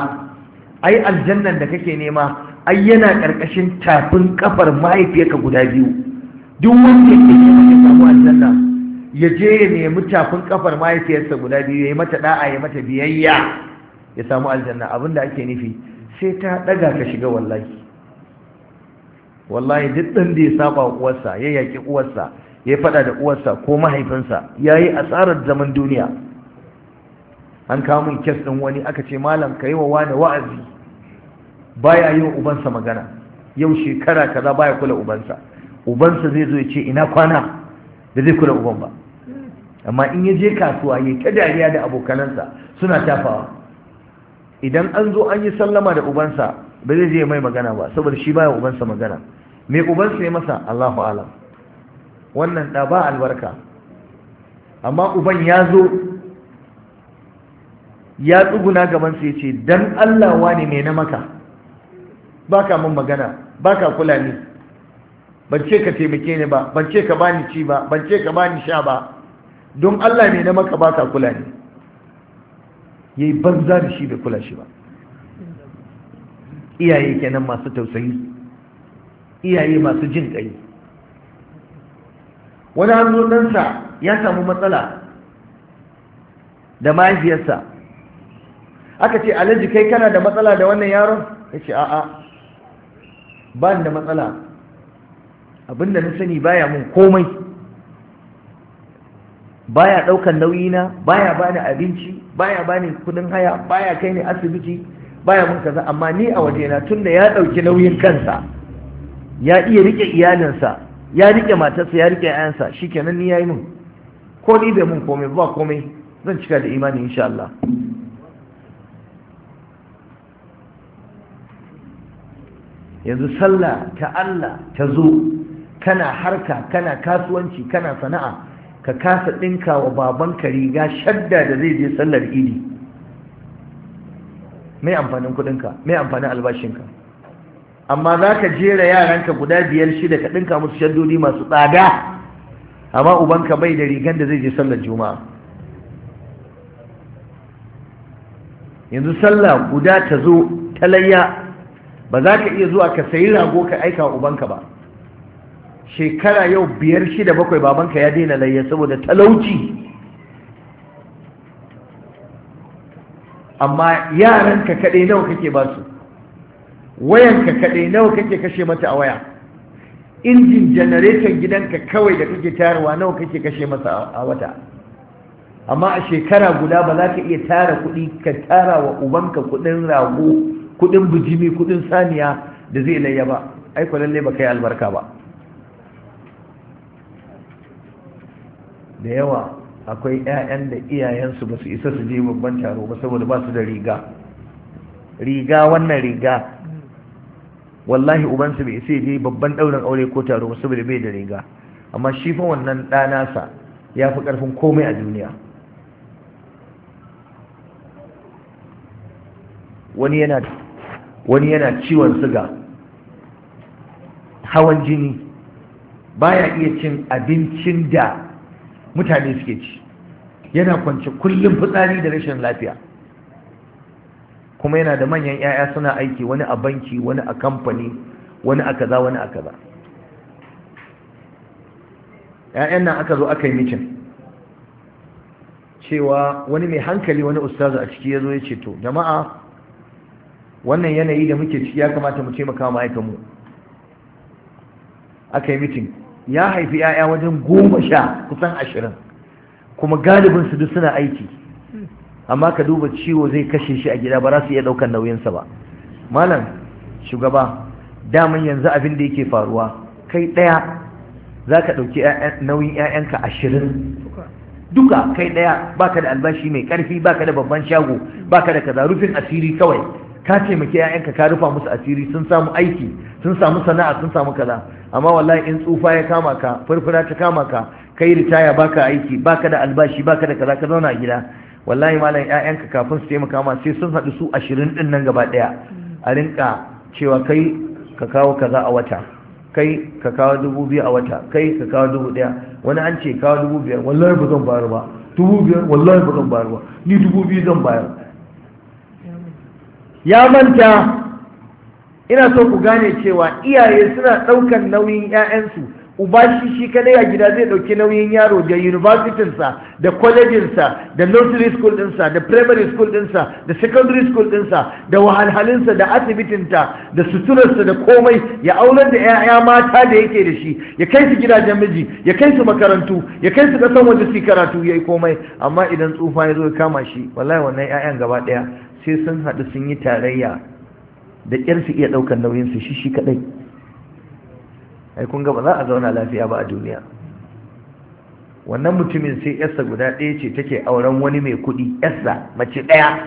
S1: ai aljannan da kake nema ai yana karkashin tafin kafar mahaifiyarka guda biyu duk wanda yake neman ya samu aljanna ya je ya nemi tafin kafar mahaifiyarsa guda biyu ya yi mata da'a ya mata biyayya ya samu aljanna abinda ake nufi sai ta ɗaga ka shiga wallahi wallahi duk ɗan da ya saba uwarsa ya yaƙi uwarsa ya faɗa da uwarsa ko mahaifinsa ya yi asarar zaman duniya an kawo min kes ɗin wani aka ce malam ka yi wa wani wa'azi baya yi wa ubansa magana yau shekara kaza baya kula ubansa ubansa zai zo ya ce ina kwana da zai kula uban ba amma in ya je kasuwa ya ta dariya da abokanansa suna tafawa idan an zo an yi sallama da ubansa ba zai je mai magana ba saboda shi baya ubansa magana mai ubansa ya masa Allahu alam wannan da ba albarka amma uban ya zo ya tsuguna gabansa ya ce dan Allah wani mai na maka Ba ka mun magana Ba ka kula ni ban ce ka taimake ni ba ban ce ka bani ci ba ban ce ka bani sha ba don Allah mai na maka ba ka kula ni yayi banza da shi bai kula shi ba iyaye kenan masu tausayi iyaye masu jin ƙai wani hannu ɗansa ya samu matsala da mahaifiyarsa aka ce alhaji kai kana da matsala da wannan yaron ya ce a'a ba da matsala abinda na sani baya mun komai baya ɗaukan nauyina baya bani abinci baya bani kudin haya baya kai ni asibiti baya mun kaza amma ni a waje na tunda ya ɗauki nauyin kansa ya iya rike iyalinsa ya rike matarsa ya rike ayansa kenan ni yayi mun ko ni bai mun komai ba komai zan cika da imani insha Allah yanzu sallah ta Allah ta zo kana harka kana kasuwanci kana sana'a ka kasa ɗinka wa babanka riga shadda da zai je sallar idi mai amfanin kudinka mai amfanin albashinka amma za ka jera yaranka guda biyar shida ka ɗinka musu shaddodi masu tsada amma ubanka bai da rigan da zai je sallar juma'a yanzu sallah guda ta zo ta layya ba za ka iya zuwa ka sayi rago ka aika wa ubanka ba shekara yau biyar shida bakwai babanka ya daina layya saboda talauci amma yaranka kaɗai nawa kake ba su wayanka kaɗai nawa kake kashe mata a waya injin janareton gidanka kawai da kake tayarwa nawa kake kashe masa a wata amma a shekara guda ba za ka iya tara kuɗi ka tara wa ubanka kuɗin rago kuɗin bijimi kuɗin saniya da zai layya ba ai lalle ba kai albarka ba da yawa akwai 'ya'yan da iyayensu ba su isa su je babban taro ba saboda ba su da riga riga wannan riga wallahi ubansa bai sai je babban ɗaurin aure ko taro saboda bai da riga amma shi fa wannan ɗanasa ya fi ƙarfin komai a duniya wani yana wani yana ciwon siga hawan jini baya iya cin abincin da mutane suke ci yana kwance kullum fitsari da rashin lafiya kuma yana da manyan 'ya'ya suna aiki wani a banki wani a kamfani wani a kaza wani a kaza 'ya'yan nan aka zo aka yi mitin cewa wani mai hankali wani ustazu a ciki ya zo ya ce to jama'a wannan yanayi da muke ciki ya kamata mu taimaka ma'aikan mu aka yi mitin ya haifi 'ya'ya wajen goma sha kusan ashirin kuma galibinsu duk suna aiki amma ka duba ciwo zai kashe shi a gida ba za su iya ɗaukar nauyinsa ba malam shugaba daman yanzu abin da yake faruwa kai daya za ka ɗauki nauyin 'ya'yanka ashirin duka kai ɗaya baka da albashi mai karfi baka da babban shago baka da kaza rufin asiri kawai ka taimaki 'ya'yanka ka rufa musu asiri sun samu aiki sun samu sana'a sun samu kaza amma wallahi in tsufa ya kama ka furfura ta kama ka kai ritaya baka aiki baka da albashi baka da kaza ka zauna a gida wallahi malam ƴaƴanka kafin su taimaka ma sai sun haɗu su ashirin ɗin nan gaba ɗaya a rinka cewa kai ka kawo kaza a wata kai ka kawo dubu biyu a wata kai ka kawo dubu ɗaya wani an ce kawo dubu biyar wallahi ba zan bayar ba dubu biyar wallahi ba zan bayar ba ni dubu biyu zan bayar ya manta ina so ku gane cewa iyaye suna ɗaukar nauyin 'ya'yansu uba shi shi kadai a gida zai dauki nauyin yaro da universitinsa da kwalejinsa da nursery school dinsa da primary school dinsa da secondary school dinsa da wahalhalinsa da asibitinta da suturarsa da komai ya aular da 'ya'ya mata da yake da shi ya kai su gidajen miji ya kai su makarantu ya kai su kasan waje su karatu ya yi komai amma idan tsufa ya zo ya kama shi wallahi wannan 'ya'yan gaba ɗaya sai sun haɗu sun yi tarayya da ƙyar su iya ɗaukar nauyinsu shi shi kaɗai ai kun ga ba za a zauna lafiya ba a duniya wannan mutumin sai yarsa guda ɗaya ce take auren wani mai kuɗi yarsa mace ɗaya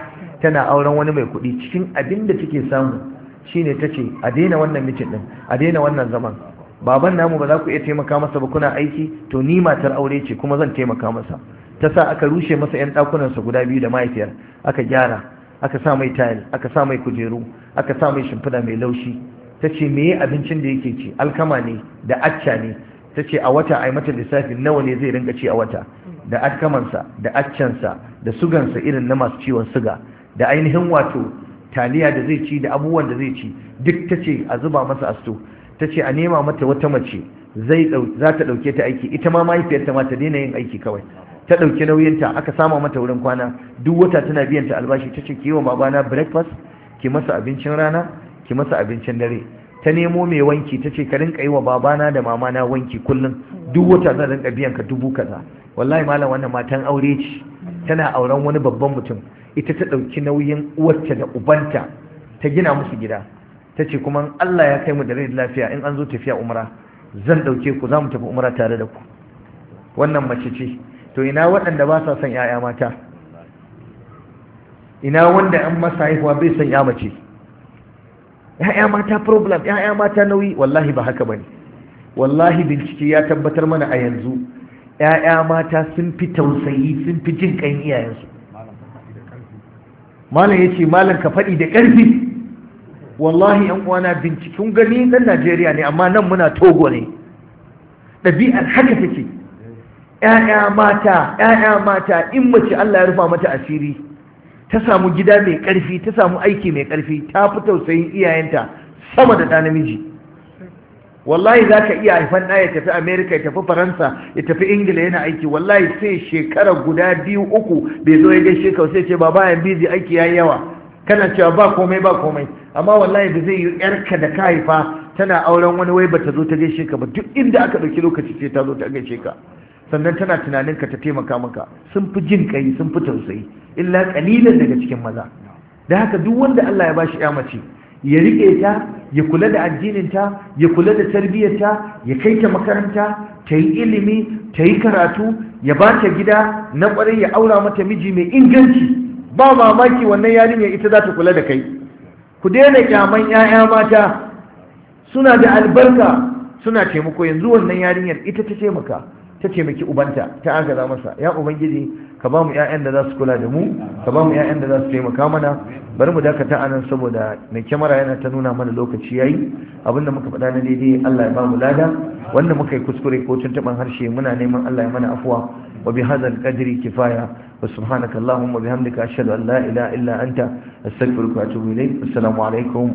S1: tana auren wani mai kuɗi cikin abin da take samu shine ta ce a daina wannan mijin ɗin a daina wannan zaman baban namu ba za ku iya taimaka masa ba kuna aiki to ni matar aure ce kuma zan taimaka masa ta sa aka rushe masa 'yan ɗakunansa guda biyu da mahaifiyar aka gyara aka sa mai tayil aka sa mai kujeru aka sa mai shimfiɗa mai laushi ta ce me meye abincin da yake ci alkama ne da acca ne ta ce a wata a yi mata lissafi, nawa ne zai rinka ci a wata da alkamansa da accansa da sugansa irin na masu ciwon suga da ainihin wato taliya da zai ci da abubuwan da zai ci duk ta ce a zuba masa asto ta ce a nema mata wata mace za ta ɗauke ta aiki ita ma mahaifiyarta ma ta daina yin aiki kawai ta ɗauki nauyinta aka sama mata wurin kwana duk wata tana biyan ta albashi ta ce ki yi wa babana breakfast ki masa abincin rana ki masa abincin dare ta nemo mai wanki ta ce ka rinka yi wa babana da mamana wanki kullum duk wata zan rinka biyan ka dubu kaza wallahi malam wannan matan aure ce tana auren wani babban mutum ita ta ɗauki nauyin uwarta da ubanta ta gina musu gida ta ce kuma Allah ya kai mu da rai lafiya in an zo tafiya umra zan ɗauke ku za mu tafi umra tare da ku wannan mace ce to ina waɗanda ba sa son 'ya'ya mata ina wanda an masa haihuwa bai son 'ya mace ya'ya mata problem ya'ya mata nauyi wallahi ba haka bane wallahi bincike ya tabbatar mana a yanzu ya'ya mata sun fi tausayi sun fi jin kan iyayensu malam ya ce malam ka faɗi da ƙarfi wallahi yan uwana binciken gani dan najeriya ne amma nan muna togo ne ɗabi'ar haka take ya'ya mata ya'ya mata in mace allah ya rufa mata asiri ta samu gida mai karfi ta samu aiki mai karfi ta fi tausayin iyayenta sama da ɗa namiji wallahi za ka iya haifan ɗaya ya tafi amerika ya tafi faransa ya tafi ingila yana aiki wallahi sai shekara guda biyu uku bai zo ya gaishe ka sai ce ba bayan bizi aiki ya yawa kana cewa ba komai ba komai amma wallahi da zai yi yarka da ka haifa tana auren wani wai bata zo ta gaishe ka ba duk inda aka ɗauki lokaci sai ta zo ta gaishe ka sannan tana tunanin ka ta taimaka maka sun fi jin kai sun fi tausayi illa kalilan daga cikin maza da haka duk wanda Allah ya bashi ya mace ya rike ta ya kula da addinin ta ya kula da tarbiyyarta ya kai ta makaranta ta yi ilimi ta yi karatu ya ba ta gida na kwarai ya aura mata miji mai inganci ba mamaki wannan yarinya ita za ta kula da kai ku daina kyaman 'ya'ya mata suna da albarka suna taimako yanzu wannan yarinyar ita ta taimaka ta taimaki ubanta ta agaza masa ya ubangiji ka ba mu 'ya'yan da za su kula da mu ka ba mu 'ya'yan da za su taimaka mana bari mu dakata a nan saboda mai kyamara yana ta nuna mana lokaci yayi abinda muka faɗa na daidai Allah ya ba mu lada wanda muka yi kuskure ko tuntuɓan harshe muna neman Allah ya mana afuwa wa bi hadha qadri kifaya wa subhanaka allahumma bihamdika ashhadu an la ilaha illa anta astaghfiruka wa atubu ilayk assalamu alaikum